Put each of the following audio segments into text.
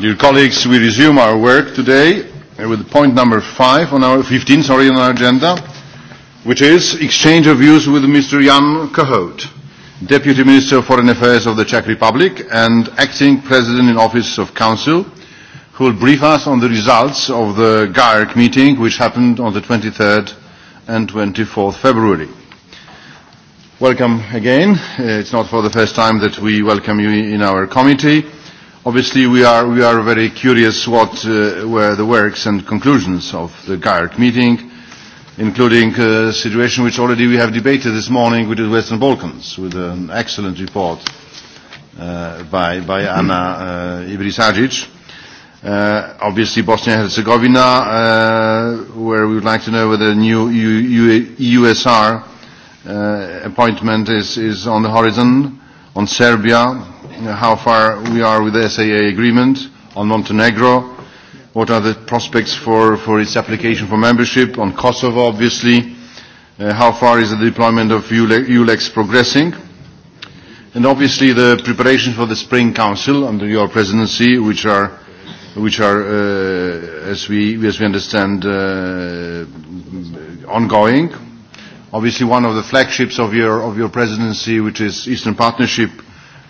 Dear colleagues, we resume our work today with point number five on our 15, sorry, on our agenda, which is exchange of views with Mr. Jan Kohout, Deputy Minister of Foreign Affairs of the Czech Republic and acting President in Office of Council, who will brief us on the results of the GAERC meeting, which happened on the 23rd and 24th February. Welcome again. Uh, it's not for the first time that we welcome you in our committee. Obviously, we are, we are very curious what uh, were the works and conclusions of the GARC meeting, including a uh, situation which already we have debated this morning with the Western Balkans, with an excellent report uh, by, by Anna uh, Ibrisagic. Uh, obviously, Bosnia and Herzegovina, uh, where we would like to know whether the new EU, EU, EUSR uh, appointment is, is on the horizon, on Serbia, how far we are with the SAA agreement, on Montenegro, what are the prospects for, for its application for membership, on Kosovo, obviously, uh, how far is the deployment of ULEX progressing, and obviously the preparations for the Spring Council under your presidency, which are which are, uh, as, we, as we understand, uh, ongoing. Uh, obviously one of the flagships of your, of your presidency, which is Eastern Partnership,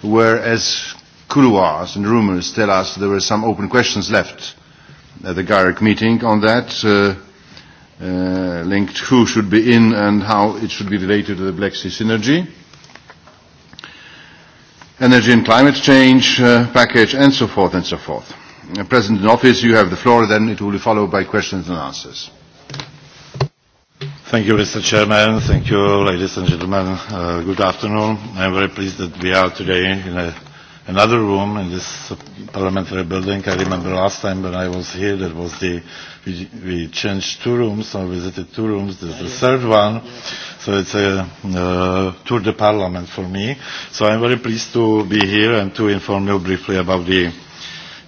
where, as couloirs and rumors tell us, there were some open questions left at the GARC meeting on that, uh, uh, linked who should be in and how it should be related to the Black Sea Synergy. Energy and climate change uh, package, and so forth, and so forth. Uh, President in office, you have the floor, then it will be followed by questions and answers. Thank you. Thank you, Mr. Chairman. Thank you, ladies and gentlemen. Uh, good afternoon. I'm very pleased that we are today in a, another room in this parliamentary building. I remember last time when I was here, that was the we, we changed two rooms or visited two rooms. This is the third one, so it's a uh, tour de parliament for me. So I'm very pleased to be here and to inform you briefly about the uh,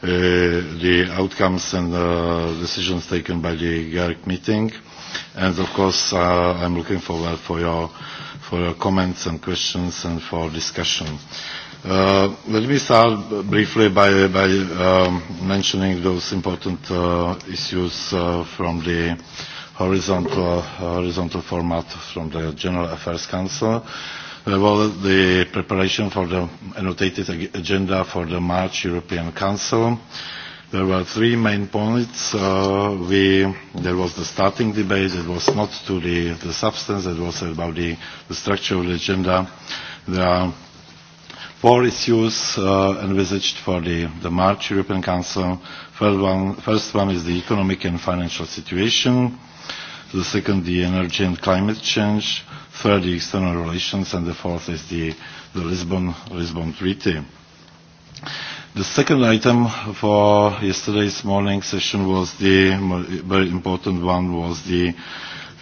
the outcomes and uh, decisions taken by the GARC meeting. Uh, And of course, uh, I'm looking forward for your, for your comments and questions and for discussion. Uh, let me start briefly by, by um, mentioning those important uh, issues uh, from the horizontal, uh, horizontal format from the General Affairs Council. There uh, was the preparation for the annotated agenda for the March European Council. Uh, There were three main points. Uh, we, there was the starting debate. It was not to the, the substance. It was about the, the structure of the agenda. There are four issues uh, envisaged for the, the March European Council. First one, first one is the economic and financial situation. The second, the energy and climate change. Third, the external relations. And the fourth is the, the Lisbon, Lisbon Treaty. The second item for yesterday's morning session was the very important one was the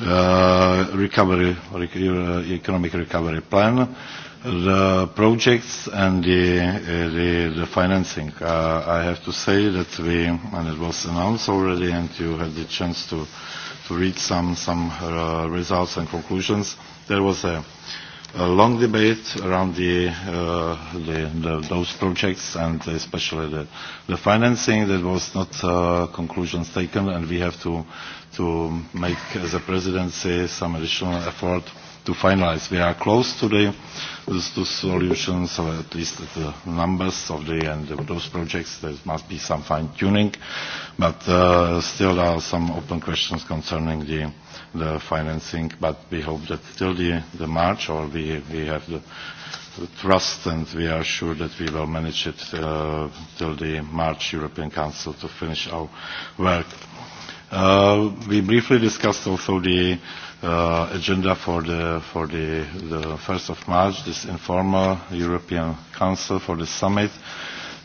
uh, recovery, rec economic recovery plan, the projects and the, uh, the, the financing. Uh, I have to say that we, and it was announced already and you had the chance to, to read some, some uh, results and conclusions, there was a a long debate around the, uh, the, the, those projects and especially the, the financing that was not uh, conclusions taken and we have to, to make as a presidency some additional effort uh, to finalize. We are close to the, those two solutions, or at least the numbers of the and those projects. There must be some fine-tuning, but uh, still there are some open questions concerning the, the financing. But we hope that till the, the March, or we, we have the trust, and we are sure that we will manage it uh, till the March European Council to finish our work. Uh, we briefly discussed also the uh, agenda for the for the the 1st of March, this informal European Council for the summit. Uh,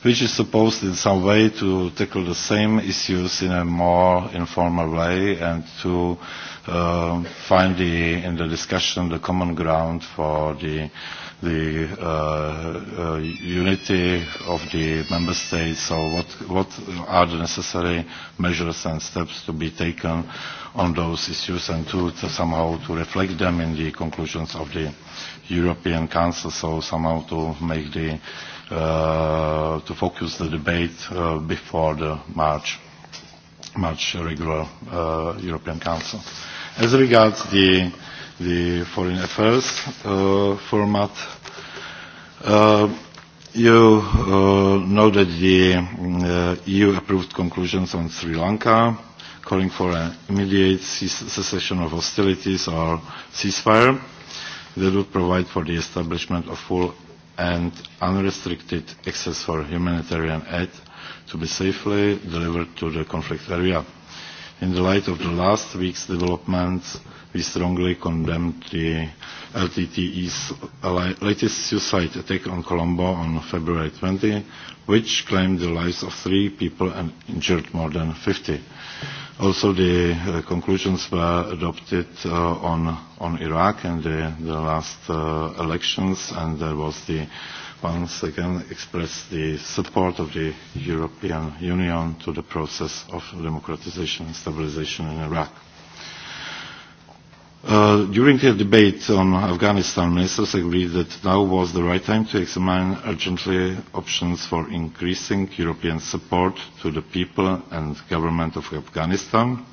which is supposed in some way to tackle the same issues in a more informal way and to uh, find the, in the discussion the common ground for the, the uh, uh, unity of the member states. So what, what are the necessary measures and steps to be taken on those issues and to, to somehow to reflect them in the conclusions of the European Council, so somehow to make the uh, to focus the debate uh, before the March, March regular uh, European Council. As regards the, the foreign affairs uh, format, uh, you uh, know that the uh, EU approved conclusions on Sri Lanka calling for an immediate cessation of hostilities or ceasefire that would provide for the establishment of full and unrestricted access for humanitarian aid to be safely delivered to the conflict area. In the light of the last week's developments, we strongly condemned the LTTE's latest suicide attack on Colombo on February 20, which claimed the lives of three people and injured more than 50. Also, the uh, conclusions were adopted uh, on, on Iraq and the, the last uh, elections, and there was the once again expressed the support of the European Union to the process of democratization and stabilization in Iraq. Uh, during the debate on Afghanistan, ministers agreed that now was the right time to examine urgently options for increasing European support to the people and government of Afghanistan.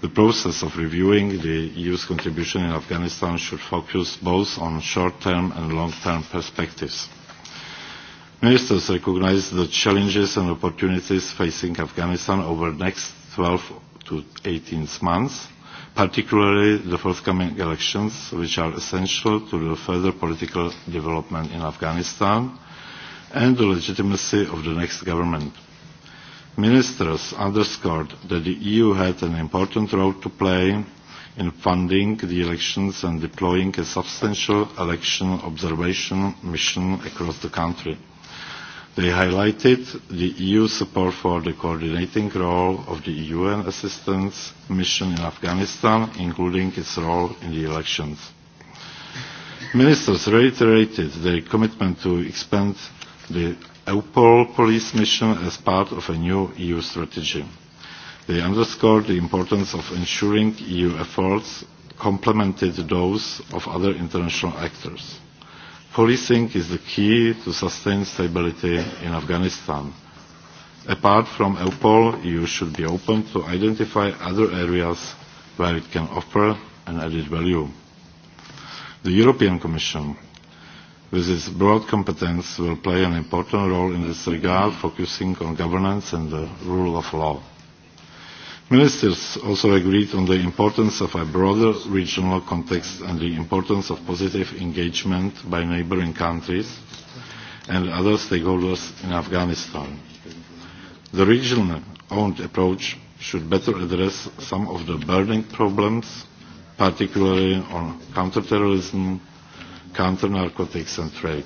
The process of reviewing the EU's contribution in Afghanistan should focus both on short-term and long-term perspectives. Ministers recognize the challenges and opportunities facing Afghanistan over the next 12 to 18 months – particularly the forthcoming elections, which are essential to the further political development in Afghanistan and the legitimacy of the next government. Ministers underscored that the EU had an important role to play in funding the elections and deploying a substantial election observation mission across the country. They highlighted the EU support for the coordinating role of the e UN assistance mission in Afghanistan, including its role in the elections. Ministers reiterated their commitment to expand the EUPOL police mission as part of a new EU strategy. They underscored the importance of ensuring EU efforts complemented those of other international actors. Policing is the key to sustain stability in Afghanistan. Apart from EUPOL, EU should be open to identify other areas where it can offer an added value. The European Commission, with its broad competence, will play an important role in this regard, focusing on governance and the rule of law. Ministers also agreed on the importance of a broader regional context and the importance of positive engagement by neighboring countries and other stakeholders in Afghanistan. The regional-owned approach should better address some of the burning problems, particularly on counterterrorism, counter-narcotics and trade.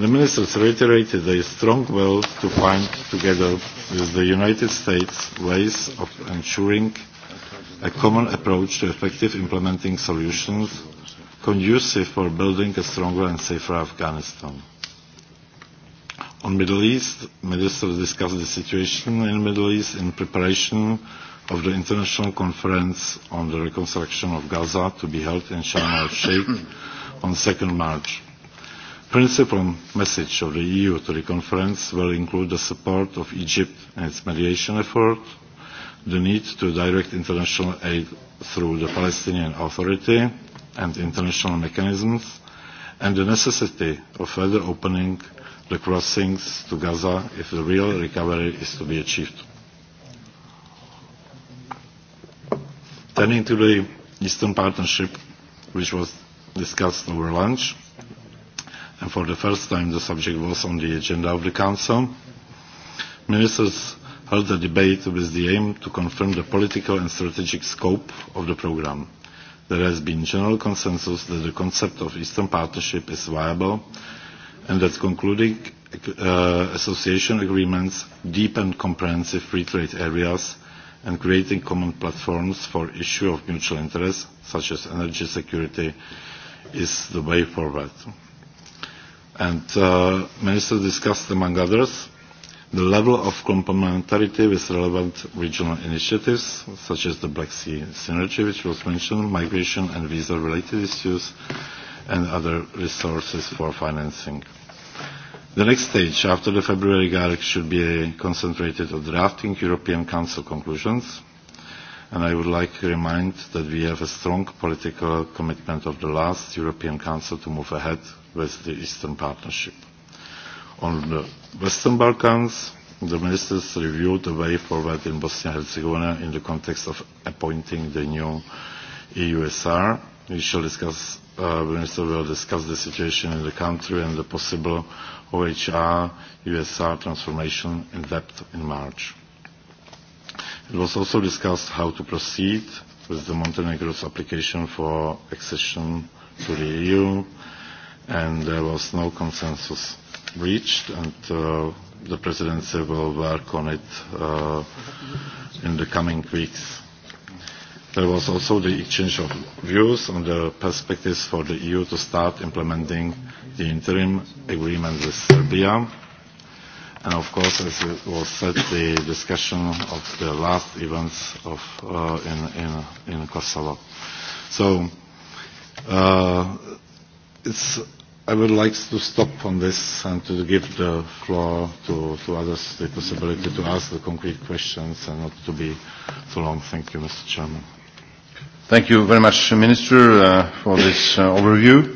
The ministers reiterated their strong will to find, together with the United States, ways of ensuring a common approach to effective implementing solutions conducive for building a stronger and safer Afghanistan. On Middle East, ministers discussed the situation in Middle East in preparation of the International Conference on the Reconstruction of Gaza to be held in Sharm el-Sheikh on 2nd March principal message of the eu to the conference will include the support of egypt in its mediation effort the need to direct international aid through the palestinian authority and international mechanisms and the necessity of further opening the crossings to gaza if the real recovery is to be achieved. turning to the eastern partnership which was discussed over lunch and for the first time the subject was on the agenda of the Council. Ministers held a debate with the aim to confirm the political and strategic scope of the programme. There has been general consensus that the concept of Eastern Partnership is viable and that concluding uh, association agreements, deep and comprehensive free trade areas, and creating common platforms for issue of mutual interest, such as energy security, is the way forward and uh, Minister discussed, among others, the level of complementarity with relevant regional initiatives, such as the Black Sea Synergy, which was mentioned, migration and visa-related issues, and other resources for financing. The next stage after the February GARC should be concentrated on drafting European Council conclusions, and I would like to remind that we have a strong political commitment of the last European Council to move ahead with the Eastern Partnership. On the Western Balkans, the ministers reviewed the way forward in Bosnia and Herzegovina in the context of appointing the new EUSR. We shall discuss, uh, the minister will discuss the situation in the country and the possible OHR USR transformation in depth in March. It was also discussed how to proceed with the Montenegro's application for accession to the EU and there was no consensus reached, and uh, the presidency will work on it uh, in the coming weeks. There was also the exchange of views on the perspectives for the EU to start implementing the interim agreement with Serbia. And of course, as it was said, the discussion of the last events of, uh, in, in, in Kosovo. So uh, it's I would like to stop on this and to give the floor to, to others the possibility to ask the concrete questions and not to be too long. Thank you, Mr. Chairman. Thank you very much, Minister, uh, for this uh, overview.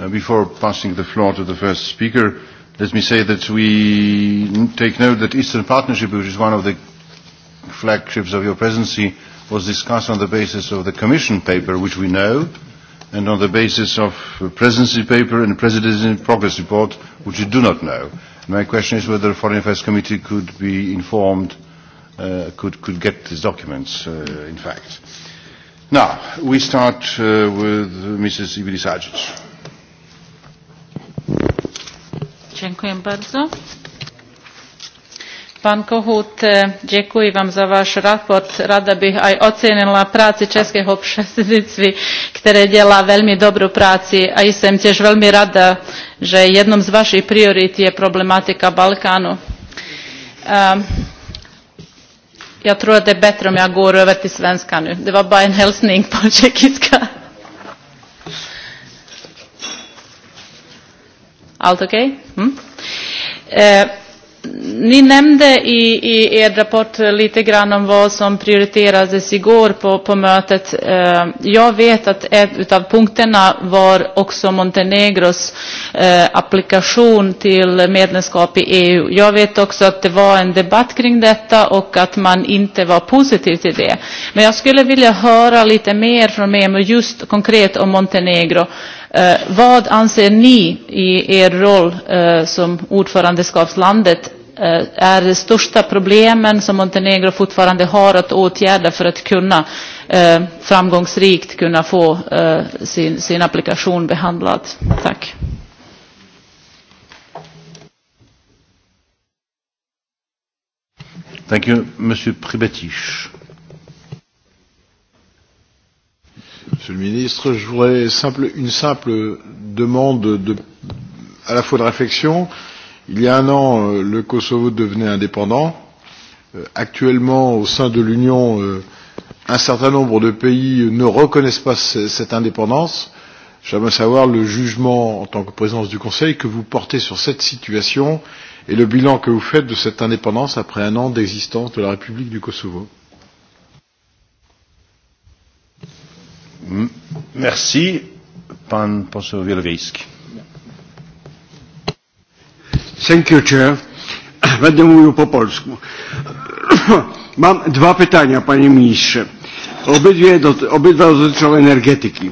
Uh, before passing the floor to the first speaker, let me say that we take note that Eastern Partnership, which is one of the flagships of your presidency, was discussed on the basis of the Commission paper, which we know, uh, and on the basis of the presidency paper and the presidency in progress report, which you do not know. My question is whether the Foreign Affairs Committee could be informed, uh, could, could get these documents, uh, in fact. Now, we start uh, with Mrs. Ibilis-Agic. Dziękuję bardzo. Pan Kohut, e, děkuji vám za váš raport. Rada bych aj ocenila práci českého předsednictví, které dělá velmi dobrou práci a jsem těž velmi rada, že jednom z vašich priorit je problematika Balkánu. Um, jag tror att det är bättre om jag går över till svenska nu. Det var bara en hälsning på tjeckiska. Allt okej? Okay? Mm. Eh, Ni nämnde i, i er rapport lite grann om vad som prioriterades igår på, på mötet. Eh, jag vet att ett av punkterna var också Montenegros eh, applikation till medlemskap i EU. Jag vet också att det var en debatt kring detta och att man inte var positiv till det. Men jag skulle vilja höra lite mer från EMU just konkret om Montenegro. Eh, vad anser ni i er roll eh, som ordförandeskapslandet eh, är de största problemen som Montenegro fortfarande har att åtgärda för att kunna eh, framgångsrikt kunna få eh, sin, sin applikation behandlad? Tack. Thank you, Monsieur Pribetich. Monsieur le Ministre. Je voudrais simple, une simple demande de, à la fois de réflexion. Il y a un an, euh, le Kosovo devenait indépendant. Euh, actuellement, au sein de l'Union, euh, un certain nombre de pays ne reconnaissent pas cette indépendance. J'aimerais savoir le jugement en tant que présidence du Conseil que vous portez sur cette situation et le bilan que vous faites de cette indépendance après un an d'existence de la République du Kosovo. Merci, pan poseł Wielowiejski. Thank you, Chair. Będę mówił po polsku. Mam dwa pytania, panie ministrze. Obydwie dot, obydwa dotyczą energetyki.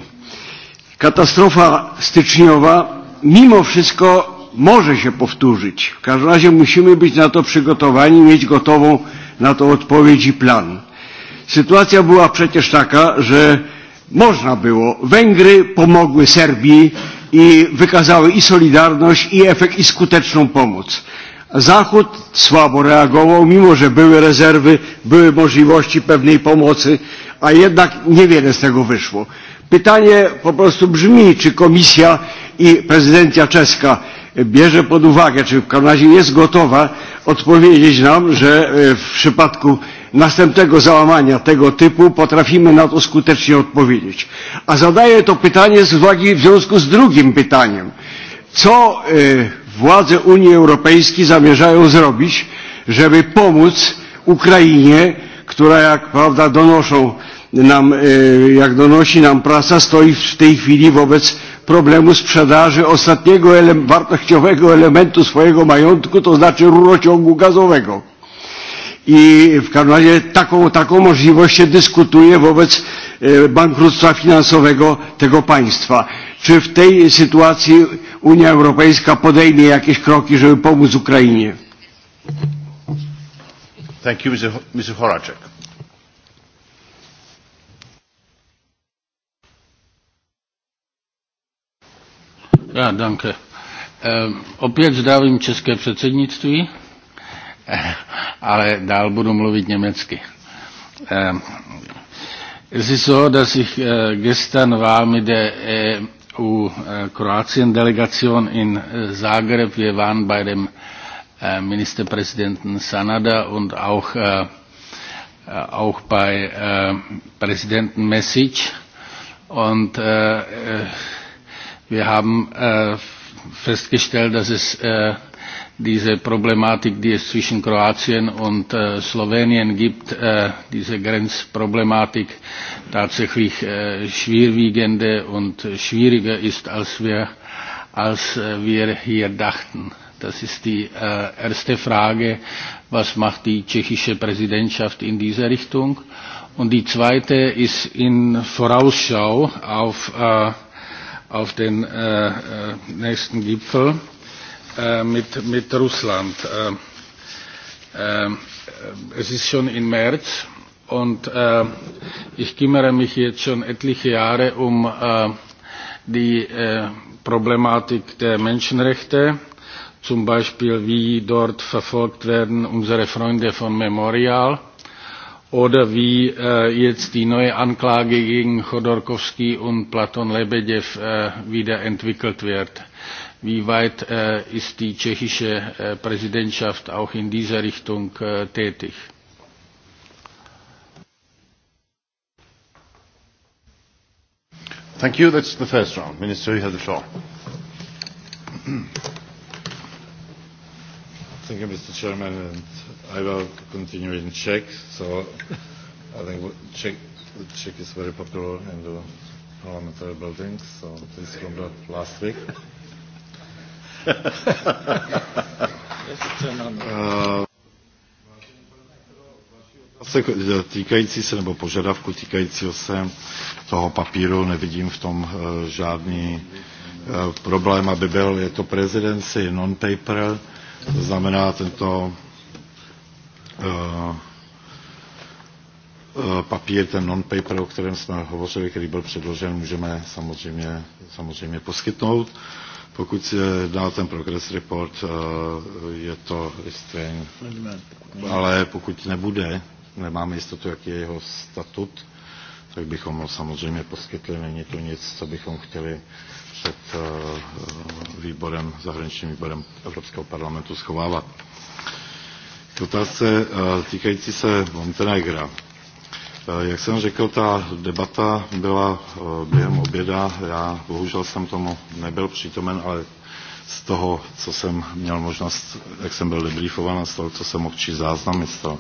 Katastrofa styczniowa mimo wszystko może się powtórzyć. W każdym razie musimy być na to przygotowani, mieć gotową na to odpowiedź i plan. Sytuacja była przecież taka, że Można było. Węgry pomogły Serbii i wykazały i solidarność, i efekt, i skuteczną pomoc. Zachód słabo reagował, mimo że były rezerwy, były możliwości pewnej pomocy, a jednak niewiele z tego wyszło. Pytanie po prostu brzmi, czy komisja i prezydencja czeska bierze pod uwagę, czy w każdym razie jest gotowa odpowiedzieć nam, że e, w przypadku następnego załamania tego typu potrafimy na to skutecznie odpowiedzieć. A zadaję to pytanie z uwagi w związku z drugim pytaniem. Co y, e, władze Unii Europejskiej zamierzają zrobić, żeby pomóc Ukrainie, która jak prawda donoszą nam, y, e, jak donosi nam prasa, stoi w tej chwili wobec problemu sprzedaży ostatniego ele wartościowego elementu swojego majątku, to znaczy rurociągu gazowego i w każdym razie taką, taką możliwość się dyskutuje wobec e, bankructwa finansowego tego państwa. Czy w tej sytuacji Unia Europejska podejmie jakieś kroki, żeby pomóc Ukrainie? Thank you, Mr. Mr. Horacek. Ja, danke. Ähm, e, ob jetzt darf im České předsednictví? ale dál budu mluvit německy. Ehm, es ist so, dass ich eh, gestern war mit der EU-Kroatien-Delegation eh, eh, in Zagreb. Wir waren bei dem Ministerpräsidenten Sanada und auch, äh, auch bei äh, Präsidenten Mesic. Und äh, wir haben äh, festgestellt, dass es äh, diese Problematik, die es zwischen Kroatien und äh, Slowenien gibt, äh, diese Grenzproblematik tatsächlich äh, schwerwiegende und schwieriger ist, als wir, als äh, wir hier dachten. Das ist die äh, erste Frage, was macht die tschechische Präsidentschaft in dieser Richtung? Und die zweite ist in Vorausschau auf, äh, auf den äh, äh nächsten Gipfel Äh, mit, mit Russland. Äh, äh, es ist schon im März und äh, ich kümmere mich jetzt schon etliche Jahre um äh, die äh, Problematik der Menschenrechte, zum Beispiel wie dort verfolgt werden unsere Freunde von Memorial oder wie äh, jetzt die neue Anklage gegen Chodorkowski und Platon Lebedev äh, wieder entwickelt wird wie weit äh, ist die tschechische äh, Präsidentschaft auch in dieser Richtung äh, tätig? Thank you. That's the first round. Minister, you have the floor. Thank you, Mr. Chairman, and I will continue in Czech. So I think Czech, Czech is very popular in the parliamentary building, so this is from the last week týkající se nebo požadavku týkajícího se toho papíru nevidím v tom eh, žádný eh, problém, aby byl. Je to presidency non-paper, to znamená tento eh, papír, ten non-paper, o kterém jsme hovořili, který byl předložen, můžeme samozřejmě, samozřejmě poskytnout. Uh, Pokud dá ten progress report, eh, je to restrain. Ale pokud nebude, nemáme jistotu, jaký je jeho statut, tak bychom ho samozřejmě poskytli. Není to nic, co bychom chtěli před eh, výborem, zahraničním výborem Evropského parlamentu schovávat. K otázce eh, týkající se Montenegra. Eh, jak jsem řekl, ta debata byla eh, během oběda. Já bohužel jsem tomu nebyl přítomen, ale z toho, co jsem měl možnost, jak jsem byl debriefovan a z toho, co jsem občí záznamy stal,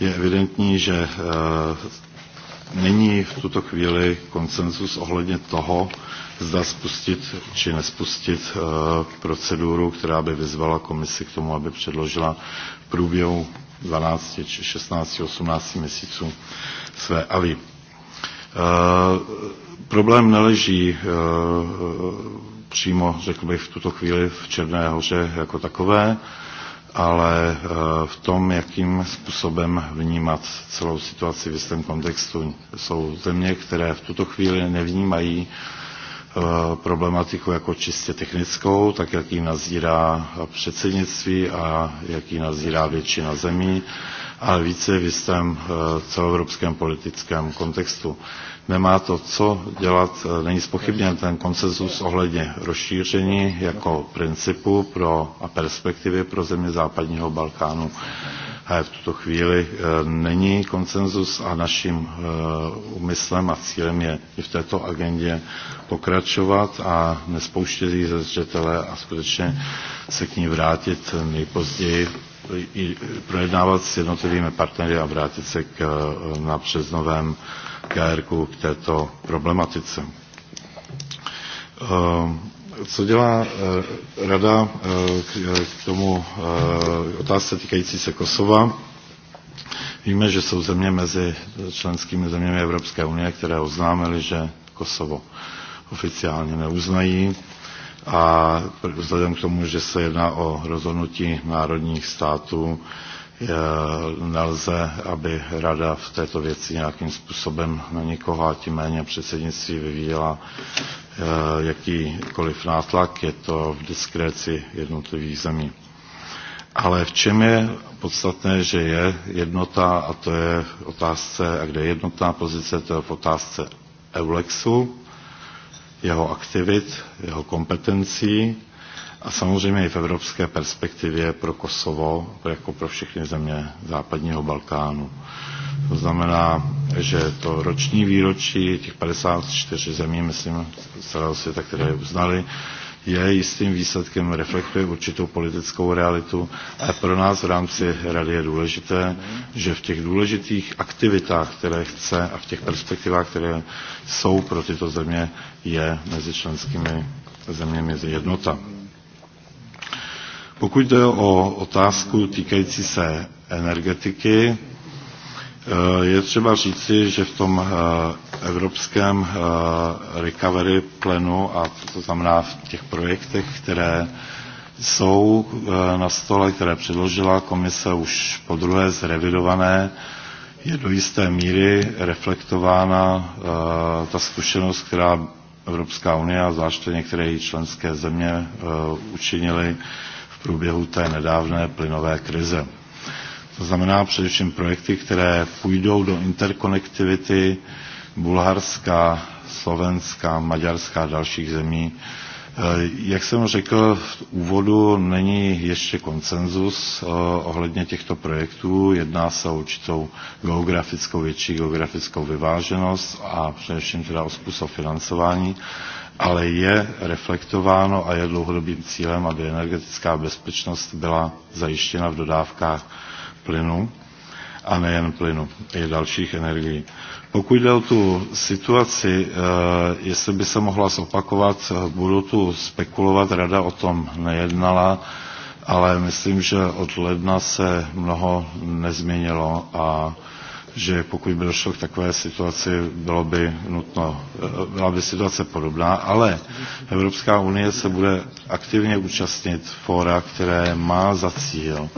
je evidentní, že eh, není v tuto chvíli konsenzus ohledně toho, zda spustit či nespustit eh, proceduru, která by vyzvala komisi k tomu, aby předložila v průběhu 12 či 16, 18 měsíců své AVI. Eh, problém neleží eh, přímo, řekl bych, v tuto chvíli v Černé hoře jako takové, ale v tom, jakým způsobem vnímat celou situaci v jistém kontextu. Jsou země, které v tuto chvíli nevnímají Eh, problematiku jako čistě technickou, tak jak ji nazírá eh, předsednictví a jak ji nazírá většina zemí, ale více v jistém eh, celoevropském politickém kontextu. Nemá to co dělat, není spochybněn ten konsenzus ohledně rozšíření jako principu pro a perspektivy pro země západního Balkánu v tuto chvíli eh, není konsenzus a naším eh, úmyslem a cílem je i v této agendě pokračovat a nespouštět ji ze zřetele a skutečně se k ní vrátit nejpozději projednávat s jednotlivými partnery a vrátit se k, eh, na březnovém KRK k této problematice co dělá eh, rada eh, k tomu eh, otázce týkající se Kosova? Víme, že jsou země mezi členskými zeměmi Evropské unie, které oznámily, že Kosovo oficiálně neuznají a vzhledem k tomu, že se jedná o rozhodnutí národních států, nelze, aby rada v této věci nějakým způsobem na někoho a tím méně předsednictví vyvíjela eh, jakýkoliv nátlak, je to v diskréci jednotlivých zemí. Ale v čem je podstatné, že je jednota, a to je otázce, a kde je jednotná pozice, to je v otázce EULEXu, jeho aktivit, jeho kompetencí, A samozřejmě i v evropské perspektivě pro Kosovo, jako pro všechny země západního Balkánu. To znamená, že to roční výročí těch 54 zemí, myslím, z celého světa, které je uznali, je jistým výsledkem, reflektuje určitou politickou realitu, ale pro nás v rámci Rady je důležité, že v těch důležitých aktivitách, které chce a v těch perspektivách, které jsou pro tyto země, je mezi členskými zeměmi jednota. Pokud jde o otázku týkající se energetiky, eh, je třeba říci, že v tom eh, evropském eh, recovery plenu, a to znamená v těch projektech, které jsou na stole, které předložila komise už po druhé zrevidované, je do jisté míry reflektována ta zkušenost, která Evropská unie a zvláště některé její členské země učinily v průběhu té nedávné plynové krize. To znamená především projekty, které půjdou do interkonektivity Bulharska, Slovenska, Maďarska a dalších zemí. Eh, jak jsem řekl v úvodu, není ještě konsenzus eh, ohledně těchto projektů. Jedná se o určitou geografickou, větší geografickou vyváženost a především teda o způsob financování ale je reflektováno a je dlouhodobým cílem, aby energetická bezpečnost byla zajištěna v dodávkách plynu a nejen plynu, i dalších energií. Pokud jde o tu situaci, eh, jestli by se mohla zopakovat, eh, budu tu spekulovat, rada o tom nejednala, ale myslím, že od ledna se mnoho nezměnilo a že pokud by došlo k takové situaci, bylo by nutno, eh, byla by situace podobná, ale Evropská unie se bude aktivně účastnit fóra, které má za cíl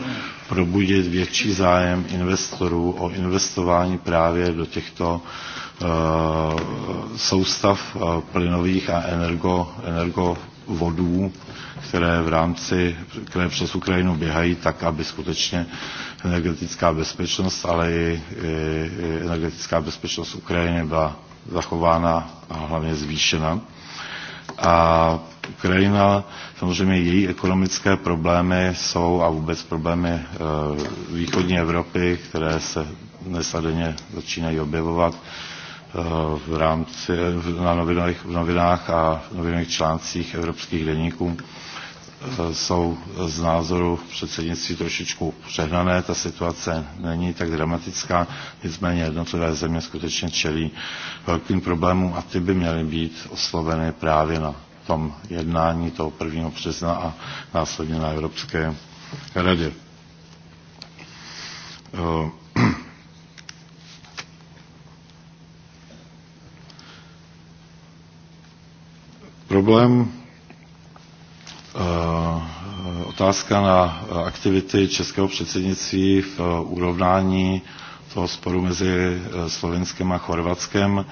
probudit větší zájem investorů o investování právě do těchto uh, soustav uh, plynových a energo, energo vodů, které v rámci, které přes Ukrajinu běhají, tak aby skutečně energetická bezpečnost, ale i, i energetická bezpečnost Ukrajiny byla zachována a hlavně zvýšena. A Ukrajina, samozřejmě její ekonomické problémy jsou a vůbec problémy e, východní Evropy, které se dnes a denně začínají objevovat, v rámci na novinách, v novinách a v novinových článcích evropských denníků e, jsou z názoru předsednictví trošičku přehnané. Ta situace není tak dramatická, nicméně jednotlivé země skutečně čelí velkým problémům a ty by měly být osloveny právě na tom jednání toho 1. března a následně na Evropské radě. E, Problém eh, eh, otázka na eh, aktivity českého předsednictví v urovnání toho sporu mezi Slovenskem a Chorvatskem.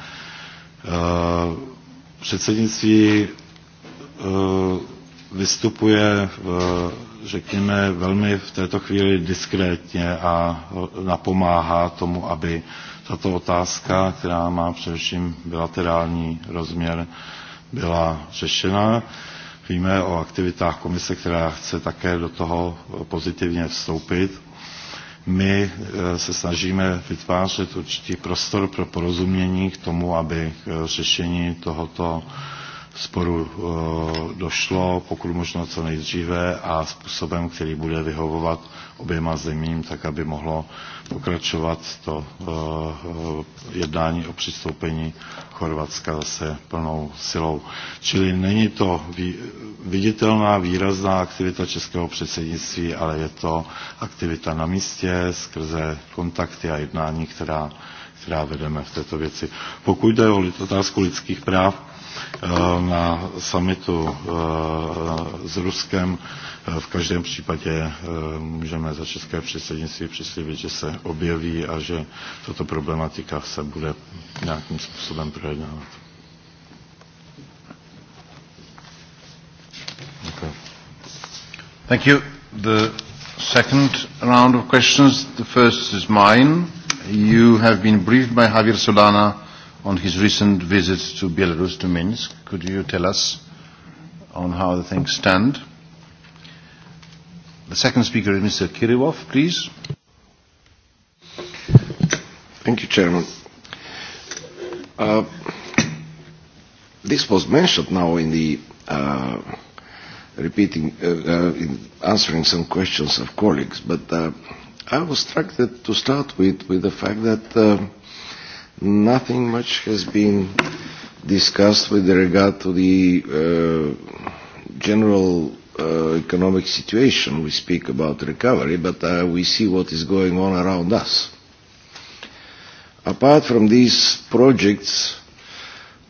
Předsednictví vystupuje, řekněme, velmi v této chvíli diskrétně a napomáhá tomu, aby tato otázka, která má především bilaterální rozměr, byla řešena. Víme o aktivitách komise, která chce také do toho pozitivně vstoupit. My eh, se snažíme vytvářet určitý prostor pro porozumění k tomu, aby k eh, řešení tohoto sporu eh, došlo, pokud možno co nejdříve a způsobem, který bude vyhovovat oběma zemím, tak aby mohlo pokračovat to eh, eh, jednání o přistoupení Chorvatska zase plnou silou. Čili není to viditelná, výrazná aktivita českého předsednictví, ale je to aktivita na místě skrze kontakty a jednání, která která vedeme v této věci. Pokud jde o otázku lidských práv, Eh, na summitu eh, s Ruskem. Eh, v každém případě můžeme za české předsednictví přislíbit, že se objeví a že tato problematika se bude nějakým způsobem projednávat. Okay. Thank you. The second round of questions, the first is mine. You have been briefed by Javier Solana on his recent visits to Belarus, to Minsk. Could you tell us on how the things stand? The second speaker is Mr. Kirillov, please. Thank you, Chairman. Uh, this was mentioned now in the uh, repeating, uh, uh, in answering some questions of colleagues, but uh, I was struck that to start with, with the fact that uh, nothing much has been discussed with regard to the uh, general uh, economic situation. We speak about recovery, but uh, we see what is going on around us. Apart from these projects,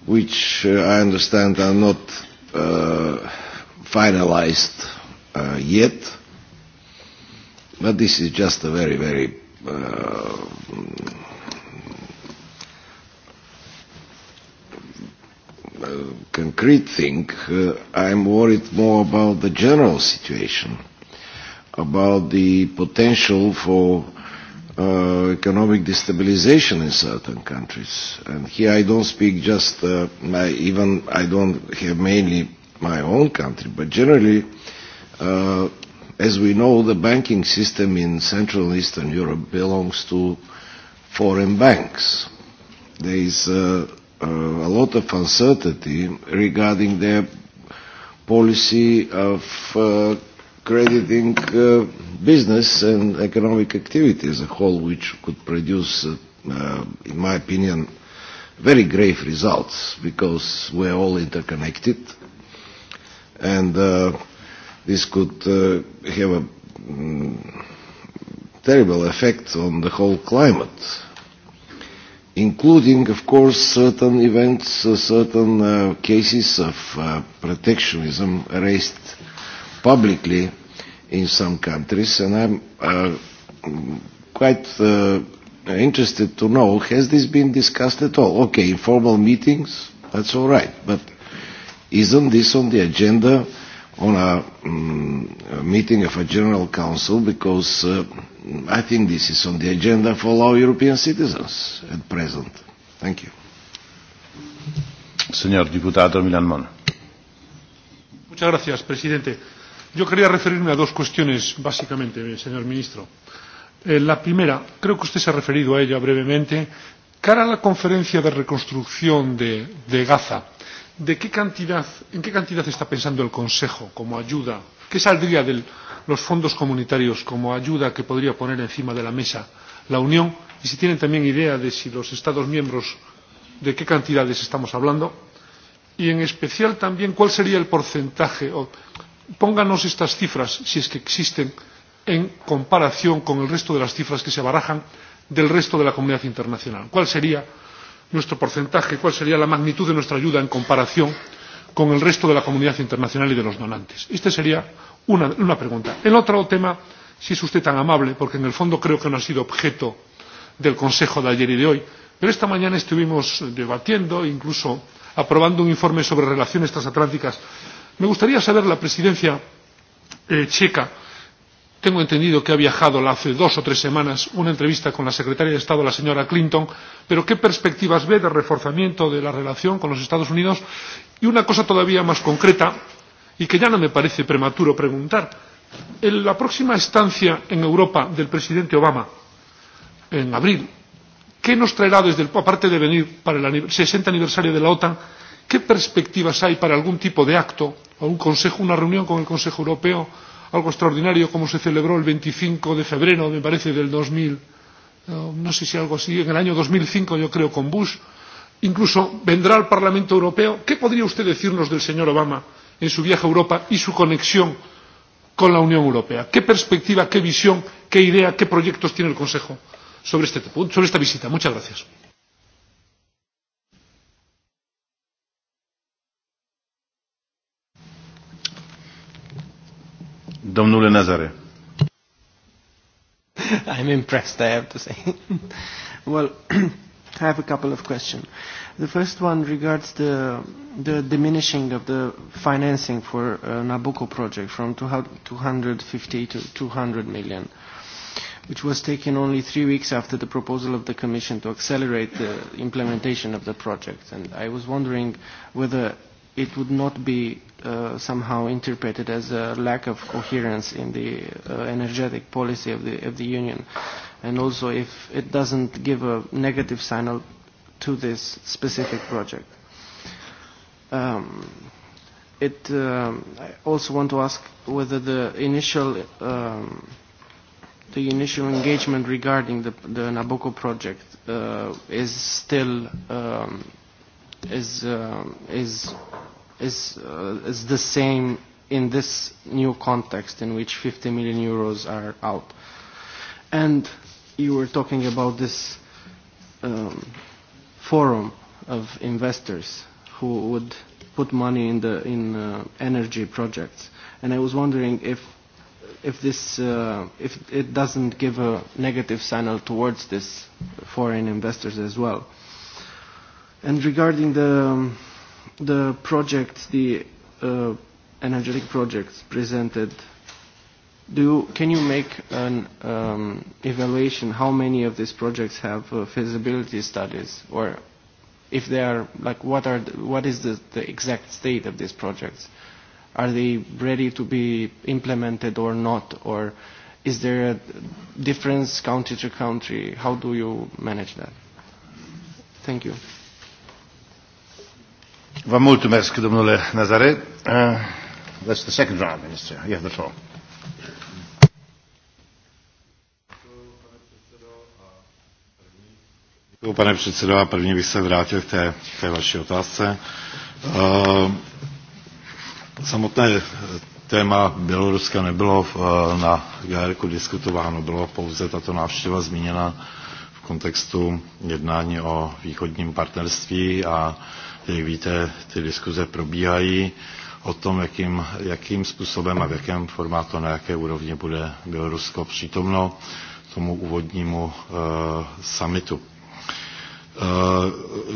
which uh, I understand are not uh, finalized uh, yet, but this is just a very, very uh, uh, concrete thing, uh, I'm worried more about the general situation, about the potential for uh, economic destabilization in certain countries. And here I don't speak just, uh, my, even I don't have mainly my own country, but generally, uh, as we know, the banking system in Central and Eastern Europe belongs to foreign banks. There is uh, uh, a lot of uncertainty regarding their policy of uh, crediting uh, business and economic activity as a whole, which could produce, uh, uh, in my opinion, very grave results because we're all interconnected and uh, this could uh, have a um, terrible effect on the whole climate including, of course, certain events, uh, certain uh, cases of uh, protectionism raised publicly in some countries. And I'm uh, quite uh, interested to know, has this been discussed at all? Okay, informal meetings, that's all right. But isn't this on the agenda on a um, meeting of a general council because uh, I think this is on the agenda for all European citizens at present. Thank you. Señor diputado Milan Mon. Muchas gracias, presidente. Yo quería referirme a dos cuestiones, básicamente, señor ministro. Eh, la primera, creo que usted se ha referido a ella brevemente, cara a la conferencia de reconstrucción de, de Gaza de qué cantidad, en qué cantidad está pensando el Consejo como ayuda, qué saldría de los fondos comunitarios como ayuda que podría poner encima de la mesa la Unión y si tienen también idea de si los Estados miembros de qué cantidades estamos hablando y en especial también cuál sería el porcentaje o pónganos estas cifras si es que existen en comparación con el resto de las cifras que se barajan del resto de la comunidad internacional. ¿Cuál sería nuestro porcentaje, cuál sería la magnitud de nuestra ayuda en comparación con el resto de la comunidad internacional y de los donantes. Esta sería una, una pregunta. El otro tema, si es usted tan amable, porque en el fondo creo que no ha sido objeto del Consejo de ayer y de hoy, pero esta mañana estuvimos debatiendo, incluso aprobando un informe sobre relaciones transatlánticas. Me gustaría saber la presidencia eh, checa tengo entendido que ha viajado hace dos o tres semanas una entrevista con la secretaria de Estado, la señora Clinton, pero ¿qué perspectivas ve de reforzamiento de la relación con los Estados Unidos? Y una cosa todavía más concreta, y que ya no me parece prematuro preguntar, en la próxima estancia en Europa del presidente Obama, en abril, ¿qué nos traerá desde el, aparte de venir para el 60 aniversario de la OTAN, qué perspectivas hay para algún tipo de acto, o un consejo, una reunión con el Consejo Europeo, algo extraordinario como se celebró el 25 de febrero, me parece, del 2000, no sé si algo así, en el año 2005 yo creo con Bush, incluso vendrá al Parlamento Europeo. ¿Qué podría usted decirnos del señor Obama en su viaje a Europa y su conexión con la Unión Europea? ¿Qué perspectiva, qué visión, qué idea, qué proyectos tiene el Consejo sobre este, sobre esta visita? Muchas gracias. Domnule Nazare. I'm impressed, I have to say. well, I have a couple of questions. The first one regards the, the diminishing of the financing for uh, Nabucco project from 250 to 200 million, which was taken only three weeks after the proposal of the Commission to accelerate the implementation of the project. And I was wondering whether it would not be uh, somehow interpreted as a lack of coherence in the uh, energetic policy of the, of the Union. And also if it doesn't give a negative signal to this specific project. Um, it, um, I also want to ask whether the initial, um, the initial engagement regarding the, the Nabucco project uh, is still um, is, uh, is is, uh, is the same in this new context in which 50 million euros are out. And you were talking about this um, forum of investors who would put money in the in uh, energy projects, and I was wondering if if this uh, if it doesn't give a negative signal towards this foreign investors as well. And regarding the um, the projects, the uh, energetic projects presented, do you, can you make an um, evaluation how many of these projects have uh, feasibility studies, or if they are like what are the, what is the, the exact state of these projects? Are they ready to be implemented or not, or is there a difference country to country? How do you manage that? Thank you. Vă mulțumesc, domnule Nazare. Uh, that's the second round, Minister. You have the floor. Děkuji, pane předsedo, a první bych se vrátil k té, k té vaší otázce. Uh, samotné téma Běloruska nebylo eh, na GRK diskutováno, bylo pouze tato návštěva zmíněna v kontextu jednání o východním partnerství a uh, Jak víte, ty diskuze probíhají o tom, jakým, jakým způsobem a v jakém formátu, na jaké úrovni bude Bělorusko přítomno tomu úvodnímu uh, summitu. Eh,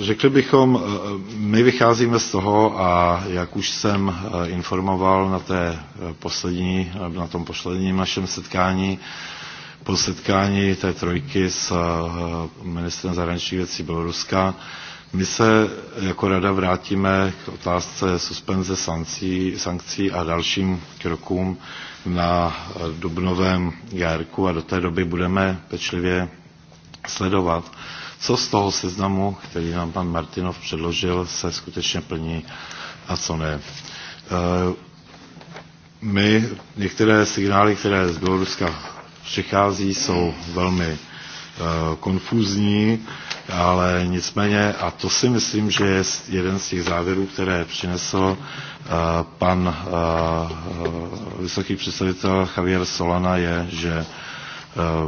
řekli bychom, eh, my vycházíme z toho a jak už jsem informoval na, té poslední, na tom posledním našem setkání, po setkání té trojky s ministrem zahraničních věcí Běloruska, My se jako rada vrátíme k otázce suspenze sankcí, sankcí a dalším krokům na dubnovém járku a do té doby budeme pečlivě sledovat, co z toho seznamu, který nám pan Martinov předložil, se skutečně plní a co ne. Eh, my, některé signály, které z Běloruska přichází, jsou velmi Eh, konfuzní, ale nicméně, a to si myslím, že je jeden z těch závěrů, které přinesl eh, pan eh, vysoký představitel Javier Solana, je, že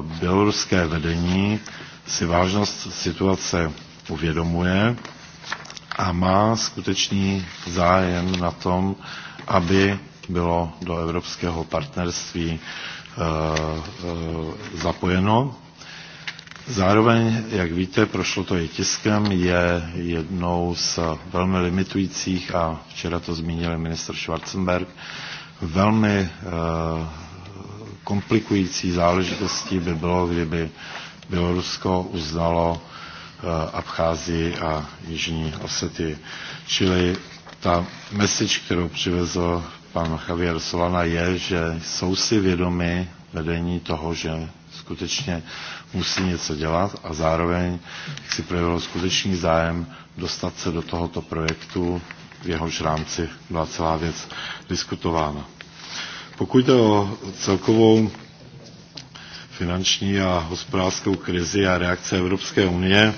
běloruské vedení si vážnost situace uvědomuje a má skutečný zájem na tom, aby bylo do evropského partnerství zapojeno Zároveň, jak víte, prošlo to i tiskem, je jednou z velmi limitujících, a včera to zmínil minister Schwarzenberg, velmi e, komplikující záležitostí by bylo, kdyby Bělorusko uznalo e, eh, Abcházii a Jižní Osety. Čili ta message, kterou přivezl pan Javier Solana, je, že jsou si vědomi vedení toho, že skutečně musí něco dělat a zároveň si projevilo skutečný zájem dostat se do tohoto projektu, v jehož rámci byla celá věc diskutována. Pokud jde o celkovou finanční a hospodářskou krizi a reakce Evropské unie,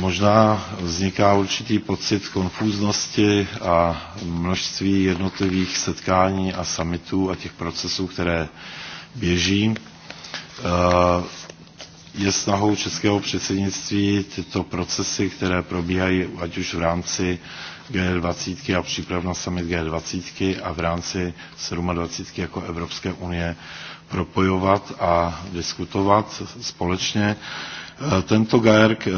možná vzniká určitý pocit konfúznosti a množství jednotlivých setkání a summitů a těch procesů, které běží. Eh, je snahou českého předsednictví tyto procesy, které probíhají ať už v rámci G20 a příprav na summit G20 a v rámci 27 jako Evropské unie propojovat a diskutovat společně. Uh, Eh, tento GAERK eh,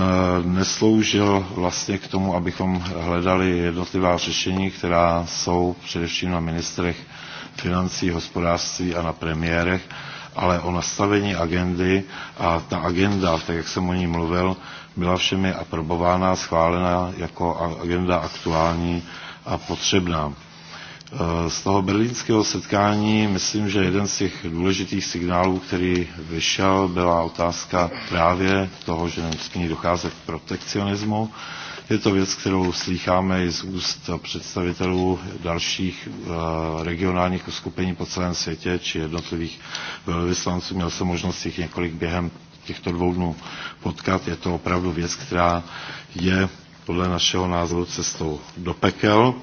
nesloužil vlastně k tomu, abychom hledali jednotlivá řešení, která jsou především na ministrech financí, hospodářství a na premiérech, ale o nastavení agendy a ta agenda, tak jak jsem o ní mluvil, byla všemi aprobována, schválena jako agenda aktuální a potřebná. Eh, z toho berlínského setkání myslím, že jeden z těch důležitých signálů, který vyšel, byla otázka právě toho, že nesmí docházet k protekcionismu. Je to věc, kterou slýcháme i z úst představitelů dalších eh, regionálních uskupení po celém světě či jednotlivých velvyslanců. Měl jsem možnost jich několik během těchto dvou dnů potkat. Je to opravdu věc, která je podle našeho názoru cestou do pekel,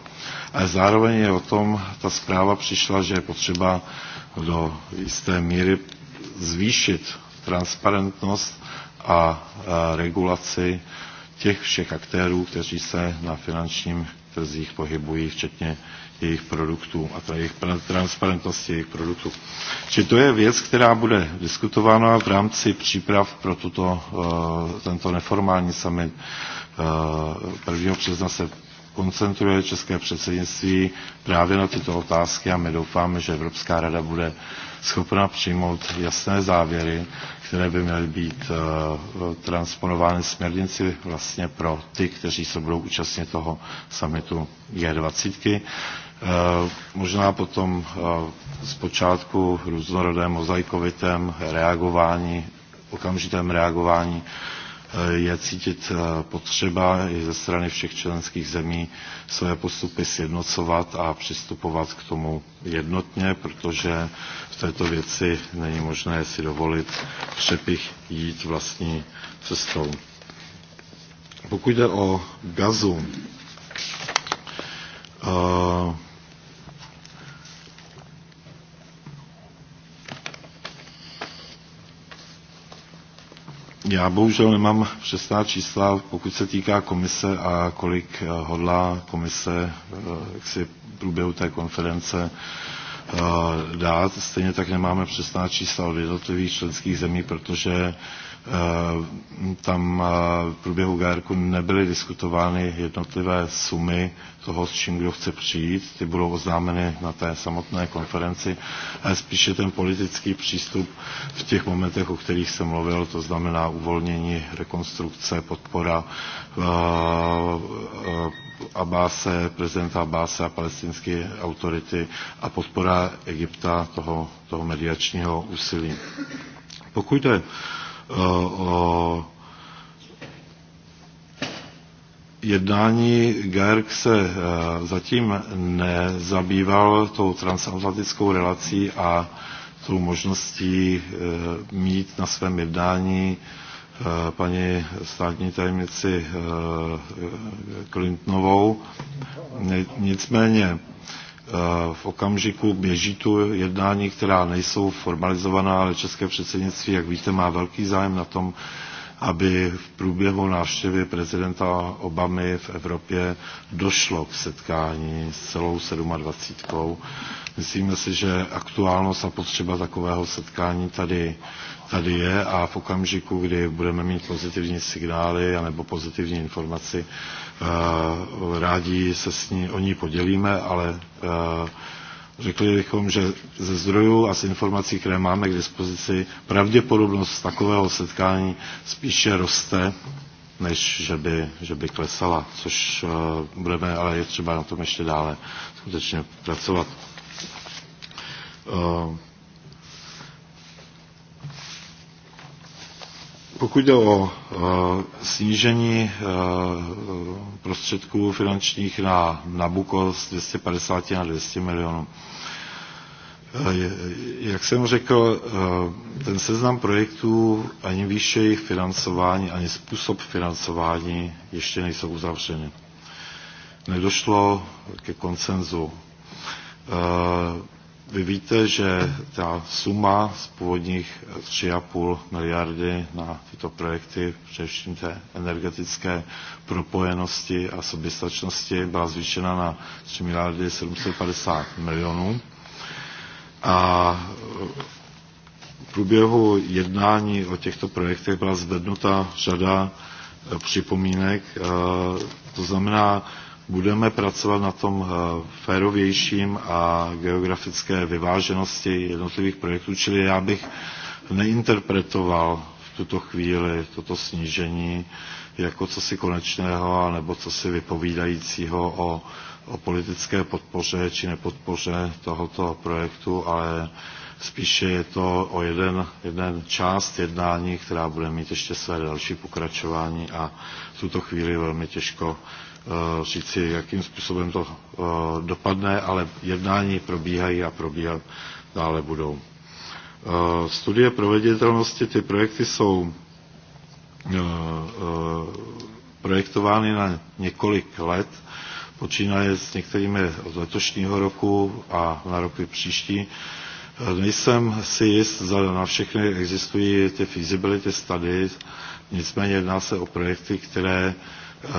ale zároveň je o tom, ta zpráva přišla, že je potřeba do jisté míry zvýšit transparentnost a, a regulaci těch všech aktérů, kteří se na finančním trzích pohybují, včetně jejich produktů a jejich transparentnosti jejich produktů. Či to je věc, která bude diskutována v rámci příprav pro tuto, e, tento neformální summit. 1. března se koncentruje české předsednictví právě na tyto otázky a my doufáme, že Evropská rada bude schopna přijmout jasné závěry, které by měly být uh, transponovány směrnici vlastně pro ty, kteří se budou účastnit toho summitu G20. -ky. Uh, možná potom uh, e, zpočátku různorodém mozaikovitém reagování, okamžitém reagování je cítit eh, potřeba i ze strany všech členských zemí své postupy sjednocovat a přistupovat k tomu jednotně, protože v této věci není možné si dovolit přepich jít vlastní cestou. Pokud jde o gazu, e Já bohužel nemám přesná čísla, pokud se týká komise a kolik eh, hodlá komise eh, jak si v průběhu té konference dát. Stejně tak nemáme přesná čísla od jednotlivých členských zemí, protože eh, tam eh, v průběhu GRK nebyly diskutovány jednotlivé sumy toho, s čím kdo chce přijít. Ty budou oznámeny na té samotné konferenci, ale spíše ten politický přístup v těch momentech, o kterých jsem mluvil, to znamená uvolnění, rekonstrukce, podpora, eh, Abáse, prezidenta Abáse a palestinské autority a podpora Egypta toho, toho mediačního úsilí. Pokud jde eh, o jednání GERK se eh, zatím nezabýval tou transatlantickou relací a tou možností eh, mít na svém jednání uh, Eh, paní státní tajemnici eh, Clintonovou. Nicméně eh, v okamžiku běží tu jednání, která nejsou formalizovaná, ale české předsednictví, jak víte, má velký zájem na tom, aby v průběhu návštěvy prezidenta Obamy v Evropě došlo k setkání s celou 27. Myslíme si, že aktuálnost a potřeba takového setkání tady, tady je a v okamžiku, kdy budeme mít pozitivní signály anebo pozitivní informaci, eh, rádi se s ní, o ní podělíme, ale eh, řekli bychom, že ze zdrojů a z informací, které máme k dispozici, pravděpodobnost takového setkání spíše roste, než že by, že by klesala, což uh, budeme, ale je třeba na tom ještě dále skutečně pracovat. Uh, Pokud jde o snížení e, prostředků finančních na Nabuko z 250 na 200 milionů, e, jak jsem řekl, e, ten seznam projektů, ani výše jejich financování, ani způsob financování ještě nejsou uzavřeny. Nedošlo ke koncenzu. Vy víte, že ta suma z původních 3,5 miliardy na tyto projekty, především té energetické propojenosti a soběstačnosti, byla zvýšena na 3 miliardy 750 milionů. A v průběhu jednání o těchto projektech byla zvednuta řada připomínek. Eh, to znamená, budeme pracovat na tom eh, férovějším a geografické vyváženosti jednotlivých projektů, čili já bych neinterpretoval v tuto chvíli toto snížení jako cosi konečného nebo cosi vypovídajícího o, o politické podpoře či nepodpoře tohoto projektu, ale spíše je to o jeden, jeden část jednání, která bude mít ještě své další pokračování a v tuto chvíli velmi těžko Eh, říci, jakým způsobem to eh, dopadne, ale jednání probíhají a probíhat dále budou. Eh, studie proveditelnosti, ty projekty jsou projektovány na několik let, počínaje s některými od letošního roku a na roky příští. Nejsem si jist, zda na všechny existují ty feasibility studies, nicméně jedná se o projekty, které uh, Eh,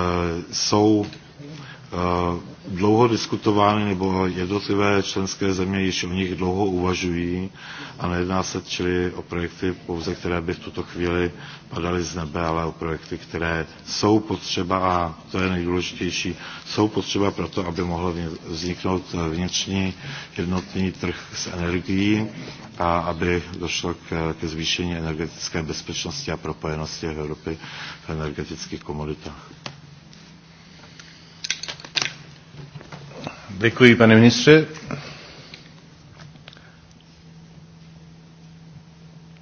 jsou eh, dlouho diskutovány, nebo jednotlivé členské země již o nich dlouho uvažují a nejedná se čili o projekty pouze, které by v tuto chvíli padaly z nebe, ale o projekty, které jsou potřeba, a to je nejdůležitější, jsou potřeba proto, aby mohl vzniknout vnitřní jednotný trh s energií a aby došlo k, ke zvýšení energetické bezpečnosti a propojenosti Evropy v energetických komoditách. Děkuji, pane ministře.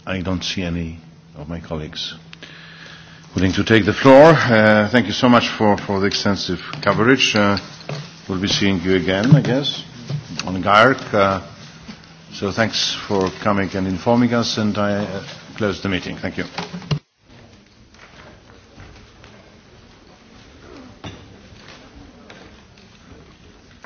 I don't see any of my colleagues willing to take the floor. Uh, thank you so much for, for the extensive coverage. Uh, we'll be seeing you again, I guess, on GARC. Uh, so thanks for coming and informing us, and I uh, close the meeting. Thank you.